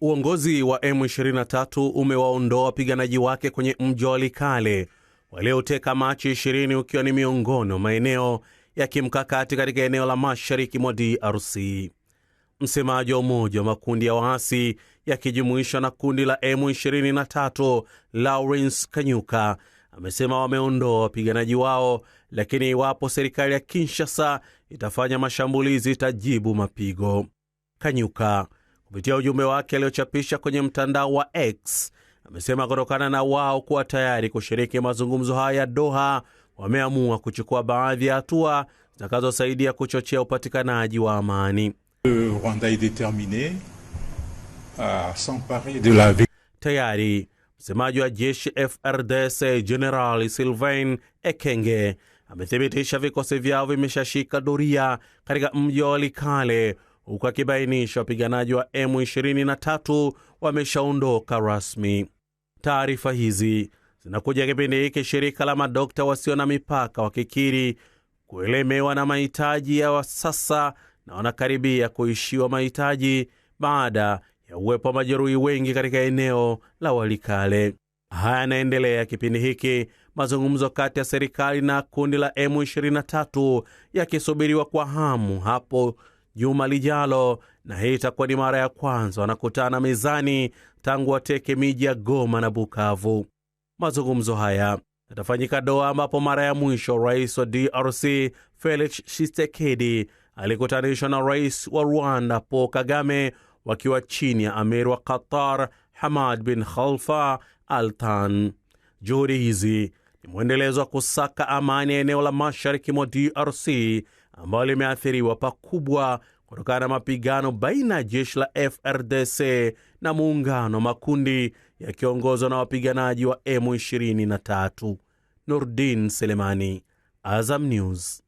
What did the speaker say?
Uongozi wa M23 umewaondoa wapiganaji wake kwenye mji wa Walikale walioteka Machi 20 ukiwa ni miongoni mwa maeneo ya kimkakati katika eneo la mashariki mwa DRC. Msemaji wa umoja wa makundi ya waasi yakijumuisha na kundi la M23 Lawrence Kanyuka amesema wameondoa wapiganaji wao, lakini iwapo serikali ya Kinshasa itafanya mashambulizi itajibu mapigo. Kanyuka Kupitia ujumbe wake aliochapisha kwenye mtandao wa X, amesema kutokana na wao kuwa tayari kushiriki mazungumzo haya ya Doha, wameamua kuchukua baadhi ya hatua zitakazosaidia kuchochea upatikanaji wa amani. Tayari msemaji wa jeshi FRDC General Sylvain Ekenge amethibitisha vikosi vyao vimeshashika doria katika mji wa Walikale huku akibainisha wapiganaji wa M23 wameshaondoka rasmi. Taarifa hizi zinakuja kipindi hiki shirika la madokta wasio na mipaka wakikiri kuelemewa na mahitaji ya sasa na wanakaribia kuishiwa mahitaji baada ya uwepo wa majeruhi wengi katika eneo la Walikale. Haya yanaendelea kipindi hiki, mazungumzo kati ya serikali na kundi la M23 yakisubiriwa kwa hamu hapo juma lijalo, na hii itakuwa ni mara ya kwanza wanakutana mezani tangu wateke miji ya Goma na Bukavu. Mazungumzo haya yatafanyika doa ambapo mara ya mwisho rais wa DRC Felix shistekedi alikutanishwa na rais wa Rwanda po Kagame wakiwa chini ya amir wa Qatar Hamad bin khalfa altan Juhudi hizi ni mwendelezo wa kusaka amani ya eneo la mashariki mwa DRC ambalo limeathiriwa pakubwa kutokana na mapigano baina ya jeshi la FRDC na muungano makundi yakiongozwa na wapiganaji wa M23. Nurdin Selemani, Azam News.